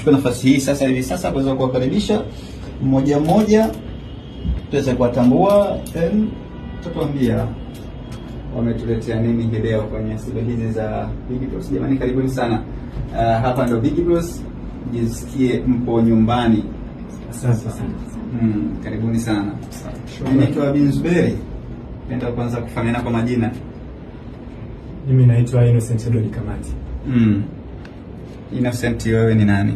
Nichukue nafasi hii sasa hivi sasa kuweza kuwakaribisha mmoja mmoja tuweze kuwatambua, tutatuambia wametuletea nini hii leo kwenye studio hizi za Big Bros. Jamani, karibuni sana. Uh, hapa ndo Big Bros, jisikie mpo nyumbani. Asante sana. Mm, karibuni sana. Naitwa Bin Zuberi, penda kwanza kufahamiana kwa majina. Mimi naitwa Innocent Edward Kamati. Mm. Innocent, wewe ni nani?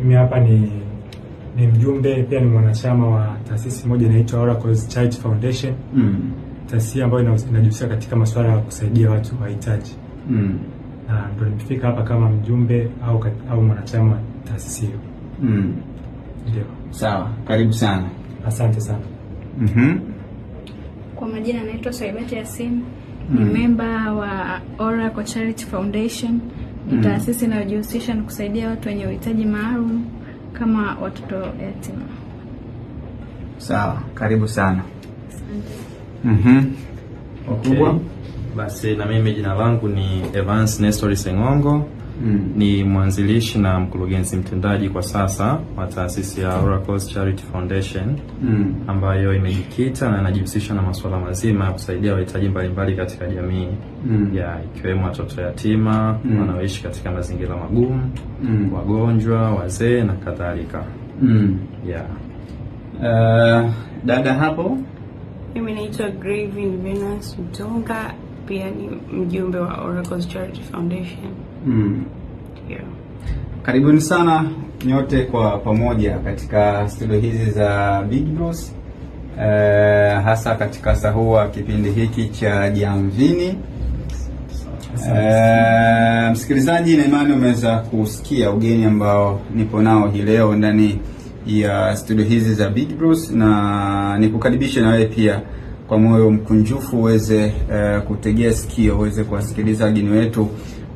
Mimi hapa ni ni mjumbe pia ni mwanachama wa taasisi moja inaitwa Oracles Child Foundation mm. Taasisi ambayo inajihusisha katika masuala ya kusaidia watu wahitaji mm. na ndio nimefika hapa kama mjumbe au, au mwanachama taasisi hiyo mm. Ndio. Sawa, karibu sana. Asante sana. mm -hmm. Kwa majina anaitwa Saibati Yasin mm. ni memba wa Oracle Charity Foundation ni mm. taasisi inayojihusisha na kusaidia watu wenye uhitaji maalum kama watoto yatima. Sawa, karibu sana. Asante. Mhm. Okay. Basi na mimi jina langu ni Evans Nestori Sengongo Mm. Ni mwanzilishi na mkurugenzi mtendaji kwa sasa wa taasisi ya Oracles Charity Foundation mm. ambayo imejikita na inajihusisha na masuala mazima ya kusaidia wahitaji mbalimbali katika jamii mm. ya ikiwemo watoto yatima mm. wanaoishi katika mazingira magumu mm. wagonjwa, wazee na kadhalika mm. yeah. Uh, dada hapo, mimi naitwa Graven Venus Mtonga, pia ni mjumbe wa Oracles Charity Foundation. Mm. Yeah. Karibuni sana nyote kwa pamoja katika studio hizi za Big Boss uh, eh, hasa katika sahua kipindi hiki cha Jamvini. Uh, eh, msikilizaji, na imani umeweza kusikia ugeni ambao nipo nao hii leo ndani ya studio hizi za Big Bros, na nikukaribishe na wewe pia kwa moyo mkunjufu uweze uh, kutegea sikio uweze kuwasikiliza wageni wetu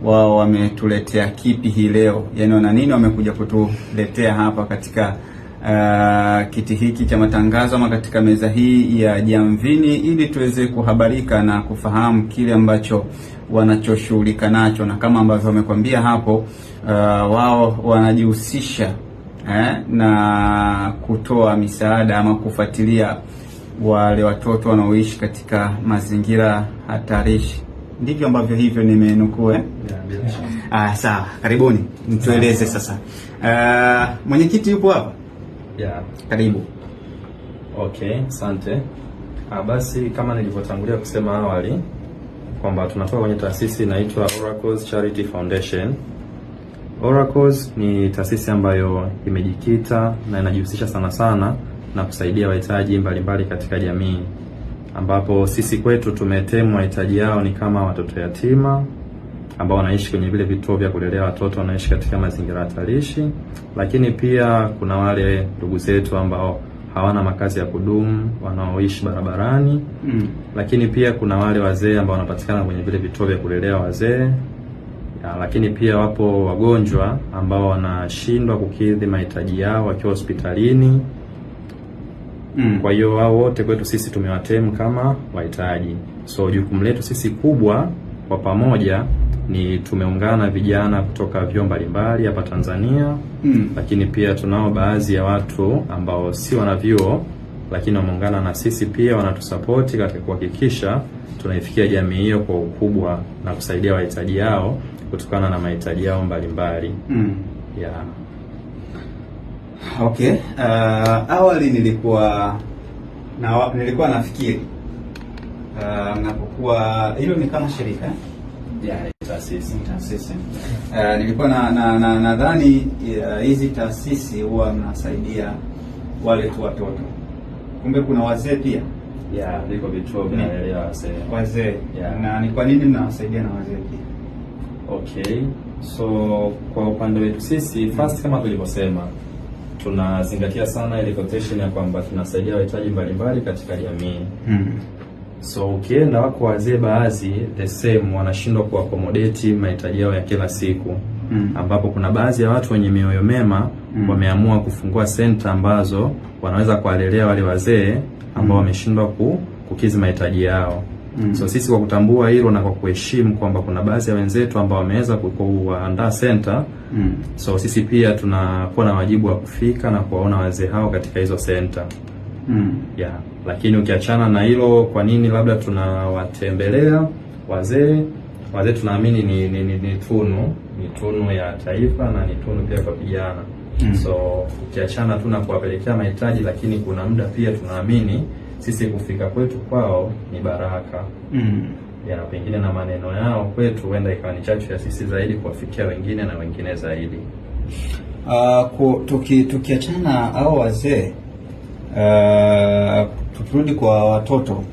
wao wametuletea kipi hii leo, yaani wana nini wamekuja kutuletea hapa katika uh, kiti hiki cha matangazo ama katika meza hii ya Jamvini, ili tuweze kuhabarika na kufahamu kile ambacho wanachoshughulika nacho, na kama ambavyo wamekwambia hapo, uh, wao wanajihusisha eh, na kutoa misaada ama kufuatilia wale watoto wanaoishi katika mazingira hatarishi ndivyo ambavyo hivyo nimenukuu eh? Yeah, ah, sawa. Karibuni, mtueleze sasa. uh, mwenyekiti yupo hapa? Yeah. Karibu. Okay, asante. Ah, basi kama nilivyotangulia kusema awali kwamba tunatoka kwenye taasisi inaitwa Oracles Charity Foundation. Oracles ni taasisi ambayo imejikita na inajihusisha sana sana na kusaidia wahitaji mbalimbali katika jamii ambapo sisi kwetu tumetemwa mahitaji yao ni kama watoto yatima ambao wanaishi kwenye vile vituo vya kulelea watoto wanaishi katika mazingira hatarishi, lakini pia kuna wale ndugu zetu ambao hawana makazi ya kudumu wanaoishi barabarani mm. Lakini pia kuna wale wazee ambao wanapatikana kwenye vile vituo vya kulelea wazee, lakini pia wapo wagonjwa ambao wanashindwa kukidhi mahitaji yao wakiwa hospitalini. Mm. Kwa hiyo wao wote kwetu sisi tumewatemu kama wahitaji. So jukumu letu sisi kubwa kwa pamoja ni tumeungana vijana kutoka vyuo mbalimbali hapa Tanzania mm. Lakini pia tunao baadhi ya watu ambao si vyuo lakini wameungana na sisi pia wanatusapoti katika kuhakikisha tunaifikia jamii hiyo kwa ukubwa na kusaidia wahitaji yao kutokana na mahitaji yao mbalimbali mm. yeah. Okay, uh, awali nilikuwa na, nilikuwa nafikiri uh, napokuwa hilo ni kama shirika yeah, taasisi taasisi uh, nilikuwa na na nadhani na uh, hizi uh, taasisi huwa mnasaidia wale tu watoto, kumbe kuna wazee pia yeah, viko vituo vinaelea wazee wazee yeah. Na ni kwa nini mnawasaidia na wazee pia? Okay, so kwa upande wetu sisi first, kama tulivyosema tunazingatia sana ile quotation ya kwamba tunasaidia wahitaji mbalimbali katika jamii mm. So ukienda wako wazee baadhi the same wanashindwa kuakomodeti mahitaji yao ya kila siku mm. ambapo kuna baadhi ya watu wenye mioyo mema mm. wameamua kufungua senta ambazo wanaweza kuwalelea wale wazee ambao mm. wameshindwa kukizi mahitaji yao Mm. So sisi kwa kutambua hilo na kwa kuheshimu kwamba kuna baadhi ya wenzetu ambao wameweza kuandaa center mm. So sisi pia tunakuwa na wajibu wa kufika na kuwaona wazee hao katika hizo center mm. Yeah, lakini ukiachana na hilo, kwa nini labda tunawatembelea wazee? Wazee tunaamini ni, ni, ni, ni tunu ni tunu ya taifa na ni tunu pia kwa vijana mm. So ukiachana tu na kuwapelekea mahitaji, lakini kuna muda pia tunaamini sisi kufika kwetu kwao ni baraka mm. ya pengine na maneno yao kwetu huenda ikawa ni chachu ya sisi zaidi kuwafikia wengine na wengine zaidi. Uh, tuki au wazee uh, ah, tukirudi kwa watoto,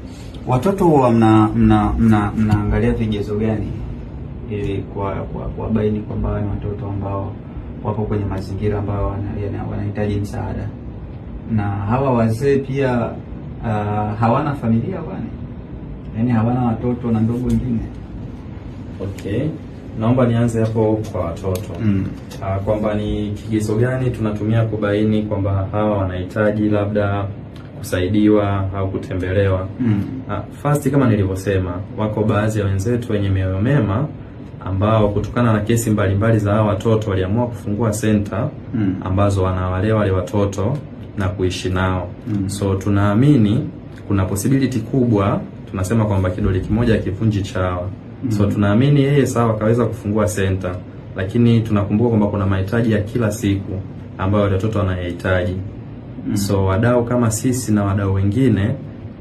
watoto huwa mna mnaangalia mna vigezo gani ili kuwabaini kwa, kwamba ni watoto ambao wapo kwenye mazingira ambayo wanahitaji msaada na hawa wazee pia uh, hawana familia bwana, yaani hawana watoto na ndugu wengine. Okay, naomba nianze hapo kwa watoto mm. Uh, kwamba ni kigezo gani tunatumia kubaini kwamba hawa wanahitaji labda kusaidiwa au kutembelewa? mm. Uh, first kama nilivyosema, wako baadhi ya wenzetu wenye mioyo mema ambao kutokana na kesi mbalimbali za hawa watoto waliamua kufungua senta mm. ambazo wanawalea wale watoto na kuishi nao mm. So tunaamini kuna possibility kubwa, tunasema kwamba kidole kimoja kifunji chawa mm. So tunaamini yeye sawa akaweza kufungua center, lakini tunakumbuka kwamba kuna mahitaji ya kila siku ambayo watoto wanayahitaji mm. So wadau kama sisi na wadau wengine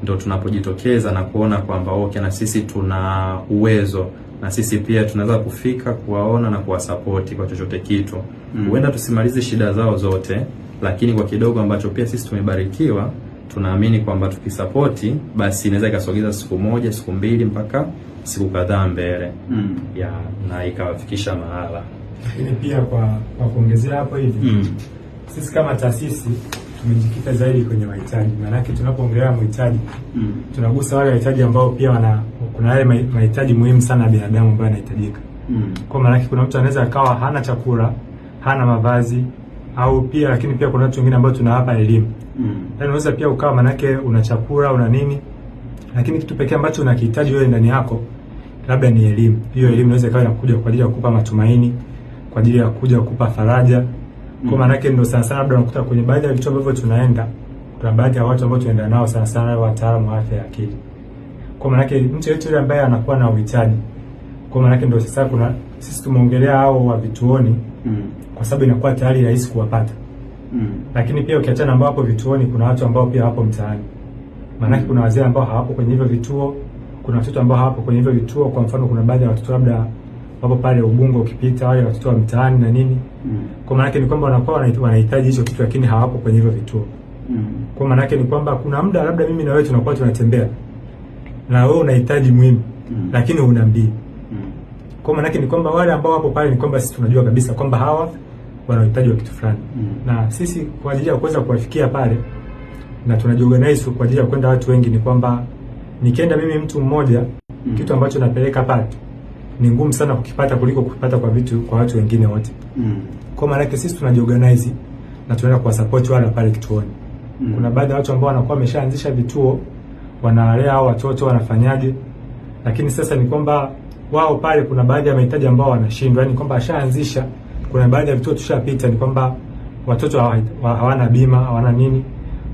ndo tunapojitokeza na kuona kwamba oh, okay, na sisi tuna uwezo na sisi pia tunaweza kufika kuwaona na kuwasapoti kwa chochote kitu. Mm. Huenda mm. tusimalize shida zao zote lakini kwa kidogo ambacho pia sisi tumebarikiwa, tunaamini kwamba tukisapoti, basi inaweza ikasogeza siku moja, siku mbili, mpaka siku kadhaa mbele mm. ya na ikawafikisha mahala. Lakini pia kwa kwa kuongezea hapo hivi mm. sisi kama taasisi tumejikita zaidi kwenye wahitaji, maanake tunapoongelea mahitaji mm. tunagusa wale wahitaji ambao pia wana kuna yale mahitaji muhimu sana ya binadamu ambayo yanahitajika mm. kwa maanake kuna mtu anaweza akawa hana chakula, hana mavazi au pia lakini pia kuna watu wengine ambao tunawapa elimu mm. Yaani unaweza pia ukawa manake una chakula una nini, lakini kitu pekee ambacho unakihitaji wewe ndani yako labda ni elimu. Hiyo mm. elimu inaweza ikawa inakuja kwa ajili ya kukupa matumaini, kwa ajili ya kuja kukupa faraja mm. Kwa manake ndio sana sana labda unakuta kwenye baadhi ya vitu ambavyo tunaenda, kuna baadhi ya watu ambao tunaenda nao sana sana wataalamu wa afya ya akili, kwa manake mtu yote yule ambaye anakuwa na uhitaji, kwa manake ndio sasa kuna sisi tumeongelea hao wa vituoni mm kwa sababu inakuwa tayari rahisi kuwapata mm. Lakini pia ukiachana ambao wapo vituoni, kuna watu ambao pia wapo mtaani, maanake kuna wazee ambao hawapo kwenye hivyo vituo, kuna watoto ambao hawapo kwenye hivyo vituo. Kwa mfano, kuna baadhi ya watoto labda wapo pale Ubungo, ukipita wale watoto wa mtaani na nini mm. Kwa maanake ni kwamba wanakuwa wanahitaji hicho kitu, lakini hawapo kwenye hivyo vituo mm. Kwa maanake ni kwamba kuna muda labda mimi na wewe tunakuwa tunatembea na wewe unahitaji muhimu mm. lakini una mbii mm. Kwa maanake ni kwamba wale ambao wapo pale ni kwamba sisi tunajua kabisa kwamba hawa wana uhitaji wa kitu fulani mm. na sisi kwa ajili ya kuweza kuwafikia pale na tunajiorganize kwa ajili ya kwenda watu wengi, ni kwamba nikienda mimi mtu mmoja mm. kitu ambacho napeleka pale ni ngumu sana kukipata kuliko kupata kwa vitu kwa watu wengine wote mm. kwa maana yake sisi tunajiorganize na tunaenda kwa support wale pale kituoni mm. kuna baadhi ya watu ambao wanakuwa wameshaanzisha vituo wanawalea hao watoto wanafanyaje, lakini sasa ni kwamba wao pale kuna baadhi ya mahitaji ambao wanashindwa, yani kwamba ashaanzisha kuna baadhi ya vituo tushapita, ni kwamba watoto hawana bima hawana nini.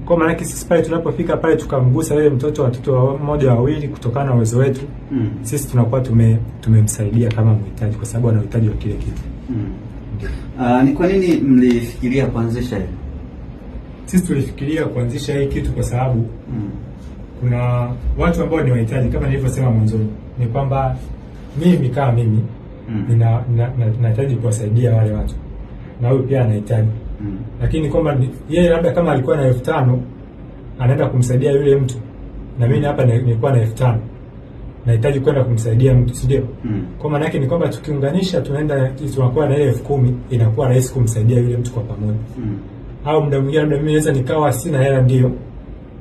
Kwa maana yake sisi pale tunapofika pale tukamgusa yule mtoto watoto mmoja wawili, kutokana na uwezo wetu mm. sisi tunakuwa tume tumemsaidia kama mhitaji, kwa sababu ana uhitaji wa kile kitu mm. Uh, ni kwa nini mlifikiria kuanzisha hili? Sisi tulifikiria kuanzisha hii kitu kwa sababu mm. kuna watu ambao ni wahitaji kama nilivyosema mwanzoni, ni kwamba mimi kama mimi Mm. nahitaji ninahitaji kuwasaidia wale watu na huyu pia anahitaji mm. Lakini kwamba yeye labda kama alikuwa na elfu tano anaenda kumsaidia yule mtu, na mimi hapa nilikuwa na elfu tano nahitaji kwenda kumsaidia mtu, si ndio? mm. Kwa maana yake ni kwamba tukiunganisha, tunaenda tunakuwa na ile elfu kumi inakuwa rahisi kumsaidia yule mtu kwa pamoja mm. Au muda mwingine labda mimi naweza nikawa sina hela, ndio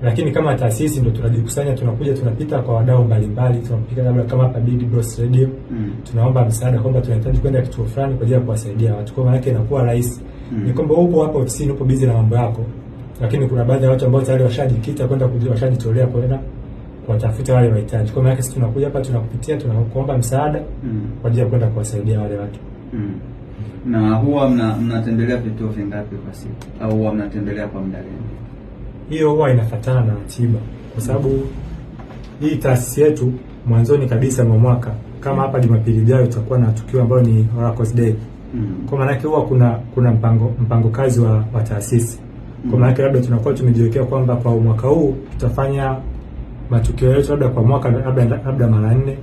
lakini kama taasisi ndo tunajikusanya, tunakuja, tunapita kwa wadau mbalimbali, tunapika labda kama hapa Big Bros Radio mm. tunaomba msaada kwamba tunahitaji kwenda kituo fulani kwa ajili ya kuwasaidia watu, kwa maana yake inakuwa rahisi mm. ni kwamba upo hapa ofisini, upo busy na mambo yako, lakini kuna baadhi ya watu ambao tayari washajikita kwenda kujua, washajitolea kwenda kuwatafuta wale wahitaji. Kwa maana yake sisi tunakuja hapa, tunakupitia, tunakuomba msaada mm. kwa ajili ya kwenda kuwasaidia wale watu mm. Na huwa mnatembelea mna vituo vingapi kwa siku au huwa mnatembelea kwa muda gani? hiyo huwa inafatana na ratiba, kwa sababu hii taasisi yetu mwanzoni kabisa mwa mwaka kama hapa Jumapili ijayo tutakuwa na tukio ambayo ni Oracles Day. Mm. Kwa maana yake huwa kuna kuna mpango mpango kazi wa, wa taasisi. Kwa maana yake labda tunakuwa tumejiwekea kwamba kwa mwaka huu tutafanya matukio yetu labda kwa mwaka labda labda mara nne.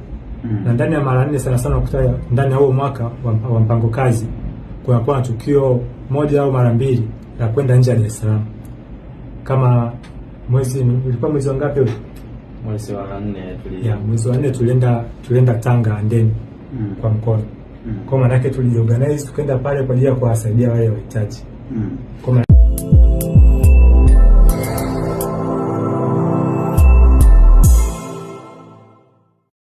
Mm. Na ndani ya mara nne sana sana ukuta ndani ya huo mwaka wa, wa mpango kazi kunakuwa na tukio moja au mara mbili la kwenda nje ya Dar es Salaam kama mwezi ulikuwa mwezi wa ngapi ule? Mwezi wa nne tulienda. Yeah, mwezi wa nne tulienda tulienda Tanga and then mm. kwa mkono. Mm. Kwa maana yake tuliorganize tukaenda pale kwa ajili ya kuwasaidia wale wahitaji. Mm. Kwa